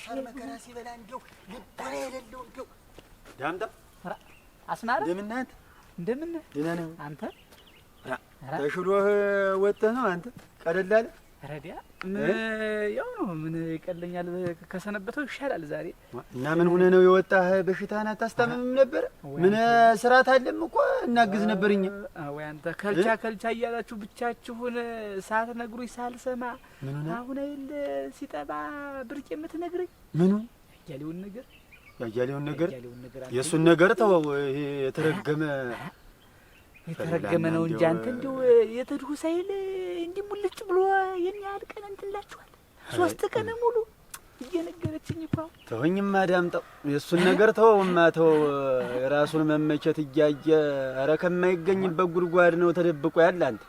አፈር መከራ ሲበላ እንደው የሌለው እንደው ዳምጣ አስማረ እንደምን ደህና ነህ አንተ? ተሽሎህ ወጥተህ ነው አንተ ቀደል ረዲያ ያው ነው ምን ይቀለኛል፣ ከሰነበተው ይሻላል ዛሬ። እና ምን ሆነ ነው የወጣህ? በሽታህን አታስታምምም ነበር? ምን ስራት አለም እኮ እናግዝ ነበር እኛ። ወይ አንተ ከልቻ ከልቻ እያላችሁ ብቻችሁን ሰዓት ነግሩኝ ሳልሰማ፣ አሁን አይደል ሲጠባ ብርቅ የምትነግረኝ? ምኑ ያያሌውን ነገር ያያሌውን ነገር የእሱን ነገር ተወው። ይሄ የተረገመ የተረገመ ነው እንጂ አንተ እንዲሁ የተድሁ ሳይል እንዲህ ሙልጭ ብሎ የኔ ያህል ቀን እንትንላችኋል። ሶስት ቀን ሙሉ እየነገረችኝ እኮ ተወኝማ፣ ዳምጠው የእሱን ነገር ተወውማ፣ ተወው። የራሱን መመቸት እያየ ኧረ ከማይገኝበት ጉድጓድ ነው ተደብቆ ያለ። አንተ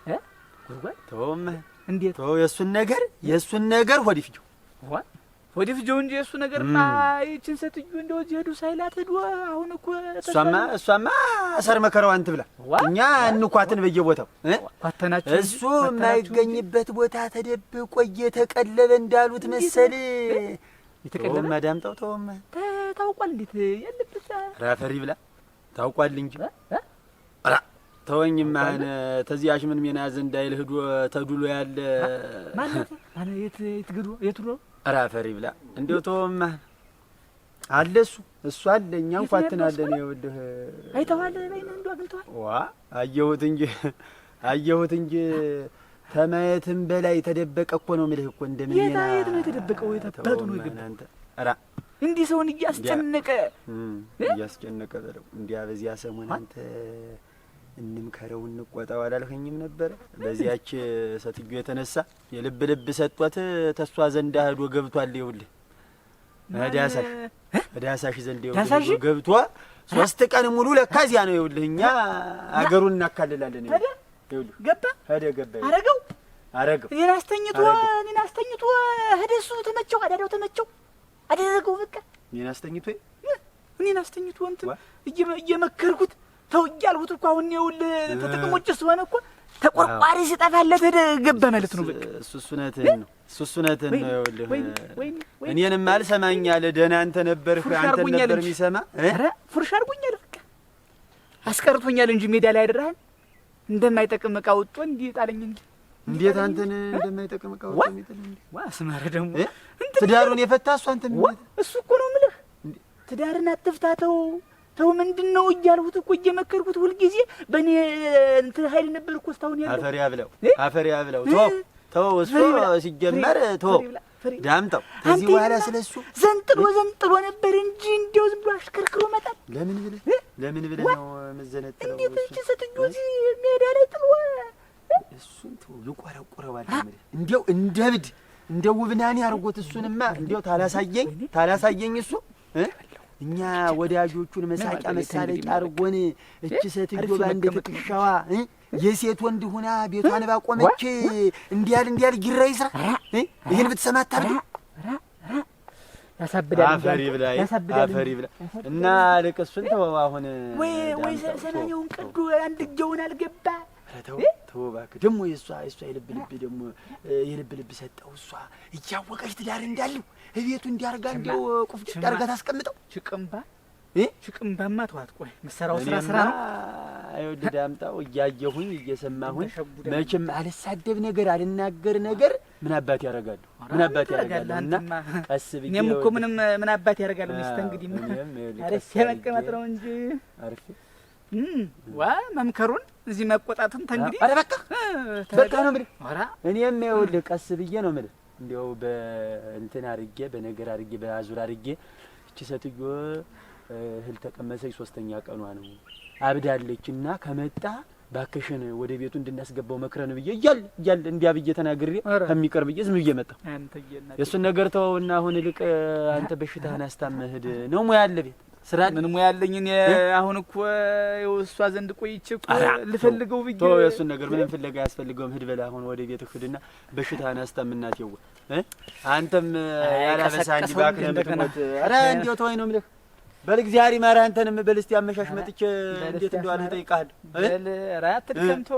ጉድጓድ ተወውማ፣ እንዴት ተወው። የእሱን ነገር የእሱን ነገር ሆድ ይፍጀው ወዲህ ፍጀው እንጂ እሱ ነገር ይችን ሴትዮ እንደው እዚህ ሄዱ ሳይላት ሄዱ። አሁን እኮ እሷማ እሷማ ሰር መከራዋን ትብላ። እኛ እንኳትን በየቦታው ኳተናቸው። እሱ የማይገኝበት ቦታ ተደብቆ እየተቀለበ እንዳሉት መሰል የተቀለበ ማዳም ተውማ ታውቋል። እንዴት ያለበት ራፈሪ ብላ ታውቋል እንጂ አራ ተወኝማ አሁን ተዚያ ሽምን ሜና ዘንድ አይል ሄዶ ተዱሎ ያለ ማለት ማለት የት የት ግዶ የቱ ነው ራፈሪ ብላ እንደው ተወማ አለሱ እሱ እሱ አለ እኛ እንኳትናለን። ይኸውልህ አይተኸዋል፣ በይነ እንዱ አግኝተዋል። ዋ አየሁት እንጂ አየሁት እንጂ ተማየትም በላይ የተደበቀ እኮ ነው የምልህ እኮ እንደምን የት ነው የተደበቀው? የታባቱ ነው ይገባል። ኧረ እንዲህ ሰውን እያስጨነቀ እያስጨነቀ በለው እንዲያ በዚያ ሰሞን አንተ እንምከረው እንቆጣው አላልኸኝም ነበረ? በዚያች ሴትዮ የተነሳ የልብ ልብ ሰጧት። ተሷ ዘንድ አህዶ ገብቷል። ይኸውልህ መዳሳሽ መዳሳሽ ዘንድ ይኸውልህ ገብቷ ሶስት ቀን ሙሉ ለካ እዚያ ነው። ይኸውልህ እኛ አገሩን እናካልላለን። ይኸውልህ ገባ ሄደ ገባ አረገው አረገው እኔን አስተኝቶ እኔን አስተኝቶ ሄደ። እሱ ተመቸው አዳዳው ተመቸው አደረገው። በቃ እኔን አስተኝቶ እኔን አስተኝቶ እንትን እየመከርኩት ተው እያልሁት እኮ አሁን የውል ተጠቅሞች ውጭ ስለሆነ እኮ ተቆርቋሪ ሲጠፋለት ሄደ ገባ ማለት ነው። በቃ እሱ እሱ ነው እሱ ነው። ይኸውልህ እኔንም አልሰማኛል። ደህና አንተ ነበርህ አንተ ነበር የሚሰማ ፉርሽ አድርጎኛል። በቃ አስቀርቶኛል እንጂ ሜዳ ላይ አይደራህም እንደማይጠቅም እቃ ወጥቶ እንዲህ ጣለኝ እንጂ እንዴት አንተን እንደማይጠቅም እቃ ወጥቶ የሚጥልህ እንዴ? ዋ አስማረ ደግሞ ትዳሩን የፈታ እሱ አንተ እሱ እኮ ነው የምልህ ትዳርን አትፍታተው ተው ምንድን ነው እያልሁት እኮ እየመከርኩት ሁልጊዜ በእኔ እንትን ኃይል ነበር እኮ እስካሁን ያለው። አፈሪያ ብለው አፈሪያ ብለው ተው ተው፣ እሱ ሲጀመር ቶ ዳምጠው። ከዚህ በኋላ ስለ እሱ ዘንጥሎ ዘንጥሎ ነበር እንጂ እንዲያው ዝም ብሎ አሽከርክሮ መጣል። ለምን ብለ ለምን ብለ ነው የምትዘነጥለው? እንዴት እቺ ስትዩ እዚህ ሜዳ ላይ ጥሎ እሱን ተው፣ ልቆረቁረዋል። እንዲያው እንደ እብድ እንደ ውብናኔ አርጎት እሱንማ እንዲያው ታላሳየኝ ታላሳየኝ እሱ እኛ ወዳጆቹን መሳቂያ መሳለቂያ አርጎን እች ሴትዮ ባንድ ትቅሻዋ የሴት ወንድ ሁና ቤቷን ባቆመች እንዲያል እንዲያል ጊራይ ስራ ይህን ብትሰማ ታርግ አፈሪ ብላ አፈሪ ብላ እና ልቅሱን እሱን ተወው። አሁን ወይ ወይ ሰናየውን ቅዱ አንድ እጀውን አልገባ ተው ተው እባክህ። ደግሞ የእሷ የእሷ የልብ ልብ ደግሞ የልብ ልብ ሰጠው። እሷ እያወቀች ትዳር እንዳለው እቤቱ እንዲያርጋ እንዲያው ቁፍጭ ዳርጋ ታስቀምጠው። ሽቅምባ ሽቅምባማ ተዋት። ቆይ መሰራው ስራ ስራ ነው። ይኸውልህ ዳምጣው፣ እያየሁኝ እየሰማሁኝ መቼም አልሳደብ ነገር አልናገር ነገር ምን አባት ያደርጋሉ? ምን አባት ያደርጋሉ? እና ቀስ ብዬ እኔም እኮ ምንም ምን አባት ያደርጋሉ? ሚስተ እንግዲህ ምን የመቀመጥ ነው እንጂ አሪፍ ዋ መምከሩን እዚህ መቆጣትን ተንግዲህ ኧረ በቃ በቃ ነው የምልህ። እኔም ይኸውልህ ቀስ ብዬ ነው የምልህ እንዲያው በእንትን አድርጌ በነገር አድርጌ በአዙር አድርጌ እቺ ሴትዮ እህል ተቀመሰች ሶስተኛ ቀኗ ነው አብዳለች እና ከመጣ ባከሽን ወደ ቤቱ እንድናስገባው መክረን ብዬ እያል እያል እንዲያ ብዬ ተናግሬ ከሚቀር ብዬ ዝም ብዬ መጣሁ። የእሱን ነገር ተወውና አሁን ልቅ አንተ በሽታህን አስታመህድ ነው ሙያ አለ ቤት ስራ ምን ሙያ ያለኝ እኔ አሁን እኮ እሷ ዘንድ ቆይቼ እኮ ልፈልገው ብዬ ተው፣ የእሱን ነገር ምንም ፍለጋ አያስፈልገውም። ሂድ በላ አሁን ወደ ቤት ሂድና በሽታ አናስተም እናት ይው አንተም ያላበሳ እንዲ ባክነ ምትሞት አረ እንዴት ሆይ ነው ምልህ በል እግዚአብሔር ይማርህ። አንተንም በል እስቲ አመሻሽ መጥቼ እንዴት እንደዋለ ጠይቃል። በል ራት ድከምቶ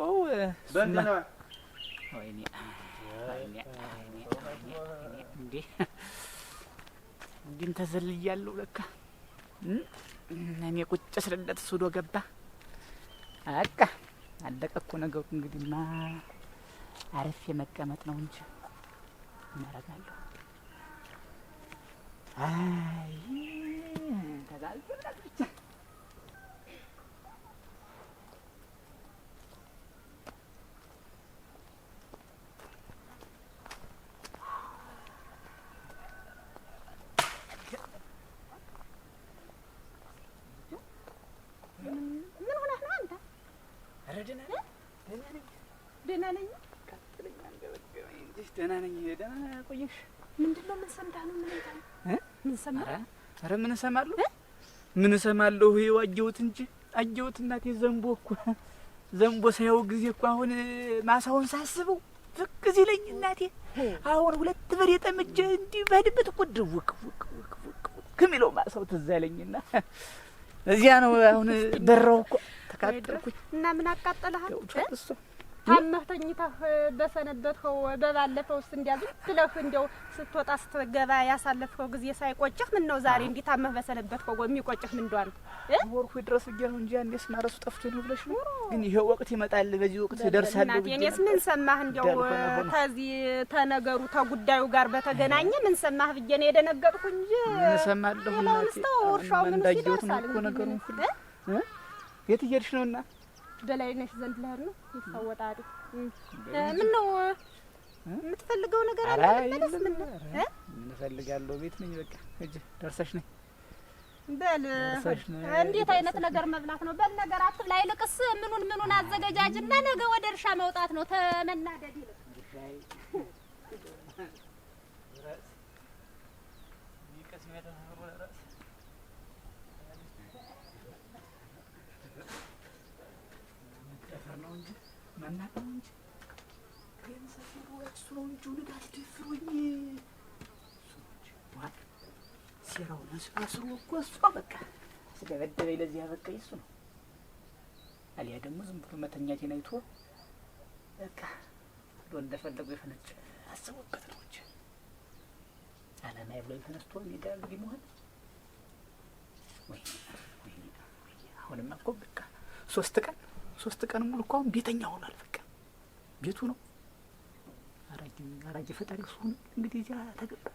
በል ነው ወይኔ እንዴ እንዴ ተዘልያለሁ ለካ እኔ ቁጭ ስልለት ሱዶ ገባ። በቃ አለቀ እኮ ነገሩ። እንግዲህማ አረፍ የመቀመጥ ነው እንጂ ምን አደርጋለሁ? አይ ተጋልቶ ብቻ ደህና ነኝ። ደህና ቆየሽ? ምንድን ነው ምን ሰምተህ ነው? ምን ሰማህ? ኧረ ምን እሰማለሁ ምን እሰማለሁ? ይኸው አየሁት እንጂ አየሁት። እናቴ ዘንቦ እኮ ዘንቦ ሳየው ጊዜ እኮ አሁን ማሳውን ሳስበው ፍቅ ሲለኝ እናቴ አሁን ሁለት በሬ ጠምጄ እንዲህ በድብት እኮ ድውቅ ውቅ ውቅ ውቅ ከሚለው ማሳው ትዝ አለኝና እዚያ ነው አሁን በራው እኮ ተቃጠልኩኝ። እና ምን አቃጠለሃል? ታመህ ተኝተህ በሰነበትከው በባለፈው ውስጥ እንዲያ ዝም ብለህ እንደው ስትወጣ ስትገባ ያሳለፍከው ጊዜ ሳይቆጭህ ምን ነው ዛሬ እንዲህ ታመህ በሰነበትከው የሚቆጭህ ምን እንደሆነ ወርሁ ድረስ ብዬ ነው እንጂ አንዴ ስናረሱ ጠፍቶ ነው ብለሽ ነው። ግን ይሄ ወቅት ይመጣል፣ በዚህ ወቅት እደርሳለሁ ብዬ እኔስ ምን ሰማህ እንደው ከዚህ ተነገሩ ተጉዳዩ ጋር በተገናኘ ምን ሰማህ ብዬ ነው የደነገጥኩ እንጂ ምን ሰማለሁ። እናቴ እርሻው ምን ሲደርሳል ነገሩ ሁሉ የት እየሄድሽ ነውና በላይነሽ ዘንድ ልሄድ ነው። ይታወጣል። ምን ነው የምትፈልገው ነገር አለ መለስ? ምን ነው ምን እፈልጋለሁ? ቤት ነኝ። በቃ ሂጅ። ደርሰሽ ነኝ። በል እንዴት አይነት ነገር መብላት ነው? በል ነገር አትብ አትብላ። ይልቅስ ምኑን ምኑን እና ነገ ወደ እርሻ መውጣት ነው። ተመናደድ ይልቅ ይቀስ ማናቀም እንጂ ገንዘብ ነው እንጂ ንጋት ደፍሮኝ ሴራውን አስሮ እኮ እሷ በቃ ስደበደበኝ ለዚህ ያበቃኝ እሱ ነው። አሊያ ደግሞ ዝም ብሎ መተኛቴን አይቶ በቃ ብሎ እንደፈለጉ የፈነጭ አስቦበት ነው እንጂ አለማይ ብሎ የተነስቶ እኔ ጋር እንግዲህ መሆን ወይ አሁንማ እኮ በቃ ሶስት ቀን ሶስት ቀን ሙሉ እኮ አሁን ቤተኛ ሆኗል። በቃ ቤቱ ነው። አራጅ አራጅ ፈጣሪ ሱን እንግዲህ እዚያ ተገባ።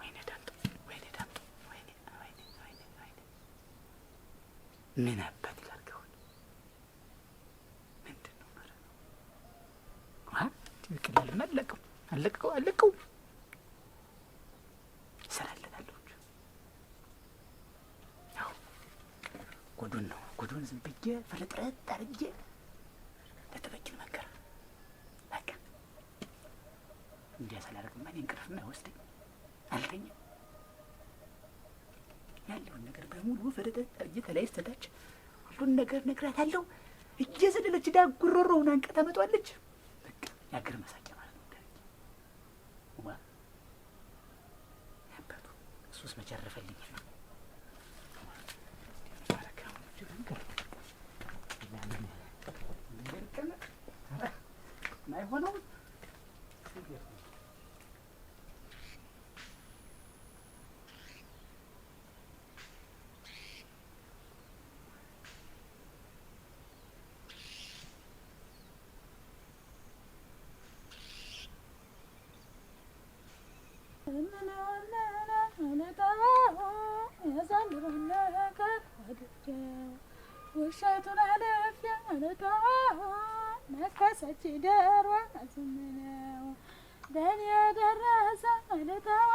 ወይኔ ዳምጠው፣ ወይኔ ዳምጠው፣ ወይኔ ወይኔ ወይኔ ምን ነበር ጉዱን ነው ጉዱን ዝም ብዬ ፍርጥርጥ አድርጌ ለተበኪን መከረ በቃ እንዲያ ሳላደርግማ እኔ እንቅልፍም አይወስደኝ አልተኛ ያለውን ነገር በሙሉ ፍርጥርጥ አድርጌ ተላይ ስተታች ሁሉን ነገር ነግራታለሁ። እየዘለለች ዳጉሮሮውን አንቃ ታመጧለች። በቃ የአገር መሳቂያ ማለት ነው። ያበቱ እሱስ መቼ አረፈልኝ ነው এখনো وشيطان على يا أنا تعالى ነከሰች ደሯ አዝምነው በኔ ደረሰ አለታዋ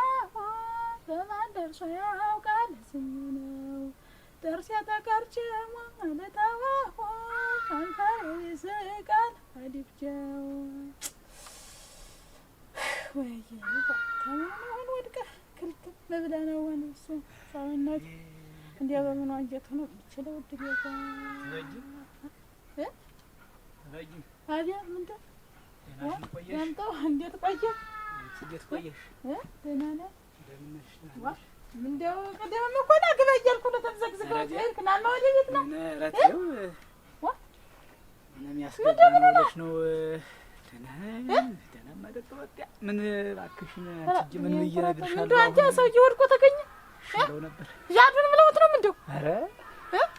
በማን ደርሶ ያውቃል ዝምነው ጥርስ የተቀርችሞ አለታዋ ከንፈሩ ይስቃል አድፍቸው ወይ ተማሆን ወድቀ ክልት መብላናዋን እሱ ሰውነቱ እንዲያ በምኗ አንጀት ሆኖ ይችለው ድገዛ አቤት ምንድን ነው ያምጣው? እንዴት ቆየህ? እንዴት ቆየሽ? ደህና ነህ? እንደው ቅድምም እኮ ና ግባ እያልኩ ነው ተምዘግዝገው ሄድክ። ና ወደ ቤት ነው ምን እባክሽን አንቺ ምን ብዬሽ እነግርሻለሁ። እንደው አንቺ ወድቆ ተገኘ ነበር ያዱን ብለውት ነው ምንድው? ኧረ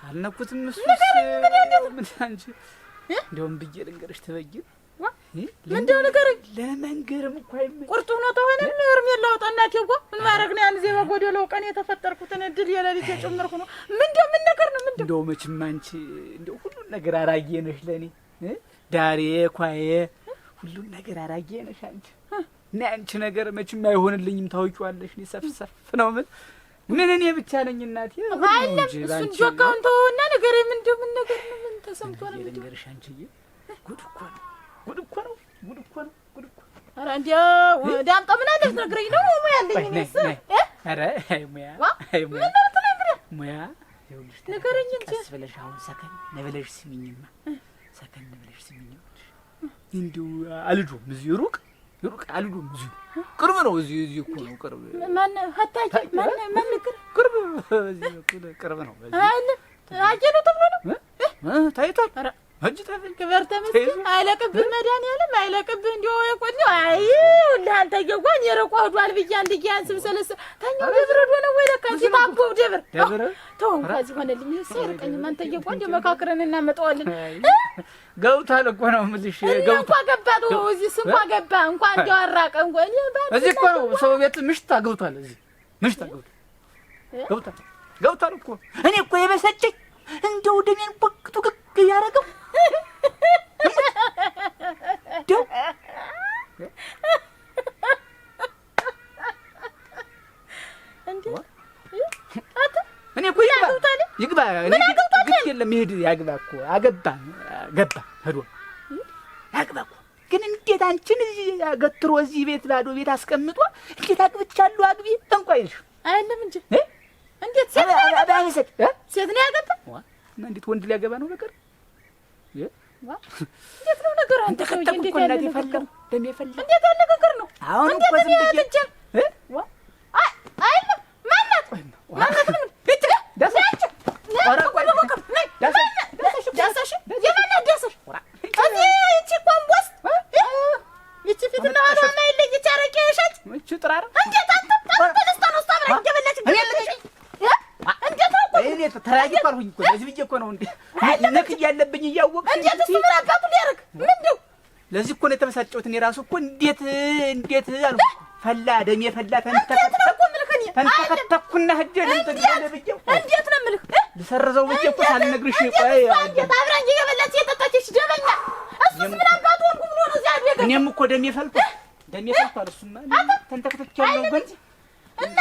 አልነኩትም። እሱስ ምን አንቺ እንደውም ብዬ ልንገርሽ ትበይን እንደው ነገር ለመንገርም እኮ ቁርጡ ሆኖ ተሆነም እርሜ ላውጣ እናቴ ጓ ምን ማድረግ ነው? ያን ዜ በጎደለው ቀን የተፈጠርኩትን እድል የለሊት የጨመርኩ ነው። ምንደ ምን ነገር ነው? ምንደ እንደው መቼም አንቺ እንደው ሁሉን ነገር አራጌ ነሽ ለእኔ ዳሬ ኳዬ ሁሉን ነገር አራጌ ነሽ አንቺ እና አንቺ ነገር መቼም አይሆንልኝም። ታውቂዋለሽ፣ እኔ ሰፍሰፍ ነው ምን ምን እኔ ብቻ ነኝ እናቴ። አይለም እሱን ጆካውን ተወና ነገር ምን ምን ነገር ተሰምቷል። እንግዲህ አንቺዬ፣ ጉድ እኮ ነው፣ ጉድ እኮ ነው፣ ጉድ እኮ ነው፣ ጉድ እኮ ነው። ኧረ እንዲያው ዳምጣ ምን አለ ትነግረኝ ነው? ሙያ አለኝ እኔስ። ኧረ አይ ሙያ፣ አይ ሙያ፣ ምን ነው ትነግረኝ ሙያ? ይኸውልሽ ንገረኝ እንጂ ቀስ ብለሽ አሁን ሰከን ነበለሽ ስሚኝማ፣ ሰከን ነበለሽ ስሚኝ። እንዲሁ አልጆም እዚህ ሩቅ ሩቅ አልጆም እዚህ ቅርብ ነው። እዚህ እዚህ እኮ ነው ቅርብ። ማን ሀታቂ ማን ማን ቅርብ ቅርብ ነው። አየነው ተብሎ ነው ታይቷል። እጅ ተመስገን አይለቅብህ፣ መድኃኒዓለም አይለቅብህ። አይ የረቋ ሆዷል ስብሰለስ ደብረ ዶነ ወይ ለካ ደብር ተው ከዚህ ሆነልኝ። መካክረን እናመጣዋለን። ገብቷል እኮ ነው የምልሽ። ገባ ነው እዚህ ስንኳ ገባ አራቀ እዚህ እኮ ነው ሰው ቤት እዚህ ገብቷል ገብቷል እኮ እኔ እኮ የበሰጨኝ እንደው ደሜን ቡቅቱ ግግ ያደረገው ደው እኔ እኮ የለም ይሄድ ያግባ እኮ አገባ ገባ ሄዶ ያግባ እኮ ግን እንዴት አንቺን ገትሮ እዚህ ቤት ባዶ ቤት አስቀምጦ እንዴት አግብቻለሁ አግቢ ጠንቋይ ይልሽ አይደለም እንጂ እ እንዴት ሴት ነው ያገባ? ሴት ሴት ነው ያገባ? ዋ እንዴት ወንድ ሊያገባ ነው ነገር? እንዴት ነው ነገር? አንተ ከተኩት እኮ እናቴ ፈለም ደም የፈለም እንዴት ያለ ነገር ነው? አሁን እኮ ዝም ብዬ ዋ አይ አይ ማናት ማናት ነው ይቺ ፊት እና ሆነ ማይለይ ቻረቄ ሸጭ እቺ ጥራራ እንዴት አንተ አንተ ልስታ ነው ስታምረኝ ተራጊ እኮ አልኩኝ እኮ እዚህ ብዬሽ እኮ ነው እንዴ ንቅ እያለብኝ እያወቅሽ እንዴት እሱ ምን አባቱ ሊያደርግ ምንድው? ለዚህ እኮ ነው የተበሳጨሁት። እኔ እራሱ እኮ እንዴት እንዴት አልኩ ፈላ ደሜ ፈላ ተንተከተኩና ሂጅ እንዴት ነው የምልህ ልሰርዘው ብዬሽ እኮ ሳልነግርሽ ቆይ አብራኝ እየበላች እየጠጣች ደበኛ እሱስ ምን አባቱ ወንጉ ብሎ ነው እዚያ አድርገህ እኔም እኮ ደሜ ፈልቷል ደሜ ፈልቷል እሱማ ተንተክተክ ግን እና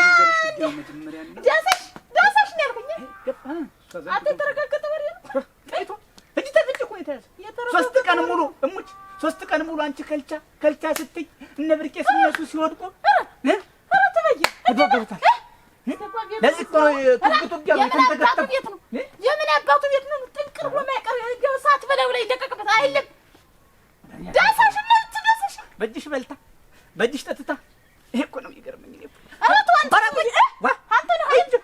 ደሰሽ ነው ያልኩኝ። አንተ የተረጋገጠ ወሬ ነው። ሶስት ቀን ሙሉ እሙች፣ ሶስት ቀን ሙሉ አንቺ ከልቻ ከልቻ ስትይ እነ ብርቄ ስነሱ ሲወድቁ የምን አባቱ ቤት ነው? ጥንቅር ብሎ የማይቀር ሰዓት በላዩ ላይ ይደቀቅበት አይልም። ዳሳሽ ነች ዳሳሽ በእጅሽ በልታ በእጅሽ ጠጥታ ይሄ እኮ ነው የሚገርመኝ። ኧረ ተው አንተ አንተ ነው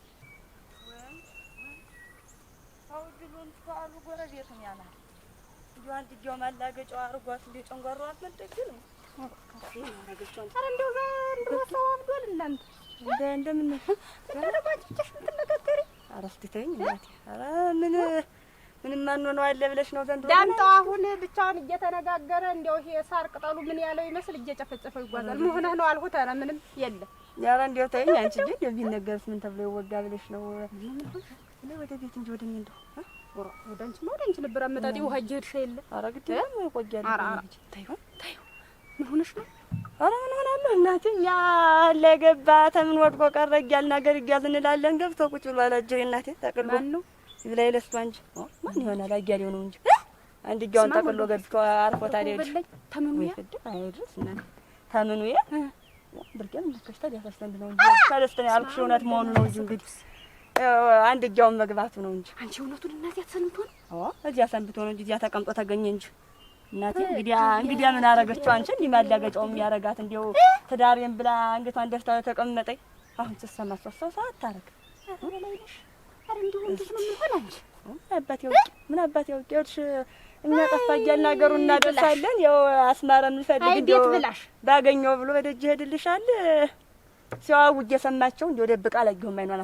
እድሉን ተዋሉ ጎረቤቱን ያማል እንዲሁ አንድ እጇ ማላገጫው አርጓት እንደ ጨንጓሮ ነው። ኧረ እንደው ዘንድሮ ሰው አብዷል። እናንተ እንደ እንደምን ተደረጓጭ ምትነጋገሪ? ኧረ እስኪ ተይኝ እናቴ። ኧረ ምን ምንም ማንሆነው አለ ብለሽ ነው ዘንድሮ ዳምጠው አሁን ብቻውን እየተነጋገረ እንደው ይሄ ሳር ቅጠሉ ምን ያለው ይመስል እየጨፈጨፈው ይጓዛል። መሆንህ ነው አልሁት። ኧረ ምንም የለም። ኧረ እንደው ተይኝ አንቺ እንጂ እንደው ቢነገርስ ምን ተብሎ ይወጋ ብለሽ ነው እኔ ወደ ቤት እንጂ ወደ እኔ እንደው ወደ አንቺማ ወደ አንቺ ነበር አመጣጤ። ውሃ እየሄድሽ የለ ኧረ ግድ የለም ቆያለሁ። ተይው ተይው፣ ምን ሆነሽ ነው? ኧረ ምን ሆናለሁ እናቴ፣ እኛ ለገባ ተምን ወድቆ ቀረ እያልን ሀገር እያልን እንላለን። ገብቶ ቁጭ ብሏል አጅሬ እናቴ። ጠቅሎ ነው ይብላኝ ለእሷ እንጂ ማን ይሆናል? አያሌው ነው እንጂ አንድ እያውን ጠቅሎ ገብቶ አርፎ ታዲያ ተምኑ ያ አይደርስ እና ተምኑ ያ ብርጌም ልከሽታ ሊያሳስተን ነው እንጂ ታደስተን ያልኩሽ እውነት መሆኑ ነው እንጂ እንግዲህ አንድ እጃውን መግባቱ ነው እንጂ አንቺ እውነቱን እናዚያ ተሰንብቶ ነው። አዎ እዚያ ሰንብቶ ነው እንጂ እዚያ ተቀምጦ ተገኘ እንጂ እናቴ እንግዲያ እንግዲያ ምን አረገችው? አንቺ እንዲህ ማላገጫው ያረጋት እንዲያው ትዳሬን ብላ አንገቷን ደፍታ ተቀመጠኝ። አሁን ስትሰማ ሶስት ሰው ሰው አታረግ። አረ እንዲሁ እንዲሁ ምን ሆነ አንቺ አባት ያውቅ ምን አባት ያውቅ ይኸውልሽ እኛ ጠፋ እያልን ያው አስማረ እንዲያው ባገኘው ብሎ ይሄድልሻል። እንዲያው ደብቃ አላየሁም አይኗን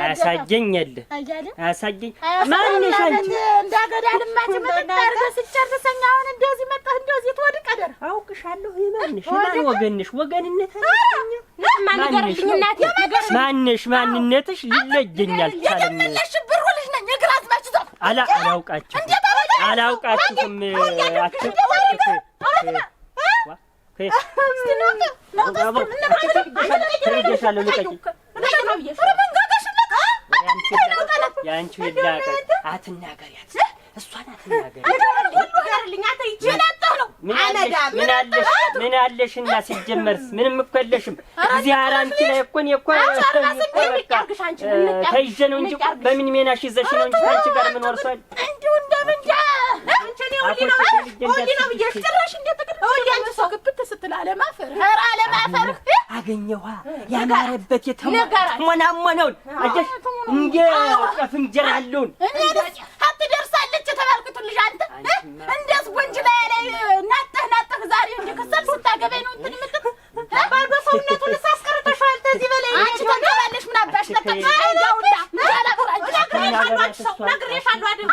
አያሳየኝ ያለ አያሳየኝ ማንሽ አንቺ እንዳገዳ ልማች ምትታርገ ስጨርሰኝ አሁን እንደዚህ መጣህ እንደዚህ ትወድቀደር አውቅሻለሁ። ማንሽ ማን ወገንሽ ወገንነት ማንሽ ማንነትሽ ይለየኛል። ታለሽ ብሩልሽ ነኝ እግር አዝማች ዛፍ አላ አላውቃችሁ አላውቃችሁም አትኩ ትረጀሻለሁ ልቀቂ የአንቺ ይላቀቅ አትናገሪያት፣ እሷን አትናገሪያት። ምን እና ሲጀመርስ ምንም እኮ የለሽም። እዚህ አራንቺ ላይ እኮ ነው እኮ ተይዤ ነው እንጂ በምን ሜናሽ ይዘሽ ነው እንጂ ከአንቺ ጋር ምን ወርሷል አገኘኋ ያማረበት የተሞናሞነውን እንደ ጠፍ እንጀራ አለውን ትደርሳለች የተባልኩትን ልጅ አንተ እንደት ጎንጅ ላይ ላይ ናጠህ ናጠህ ዛሬ እንደ ከሰል ስታገባኝ ነው እንትን የምትል ባዶ ሰውነቱን ሳስቀርተሻል። ተዚህ በላይ አንቺ ተገባለሽ። ምን አባሽ ነቀ ነግሬሻለሁ። አድርግ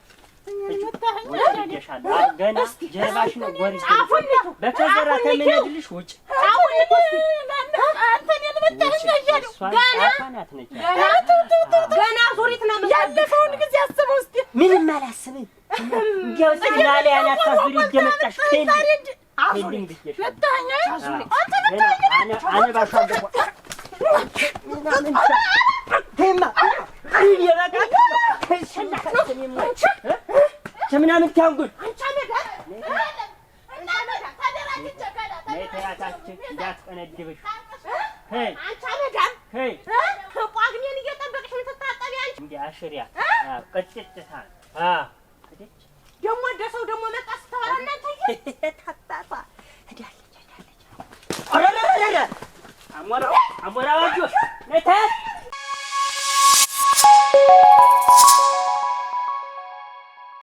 ገና ጀርባሽ ነው ያለፈውን ጊዜ አስበው እስኪ። ምንም አላስብም። እንዲያው ጽግና ላይ አናታዙሪ እየመጣሽ አነባሽ ምን አመት አንጉል አንቺ አመት አንቺ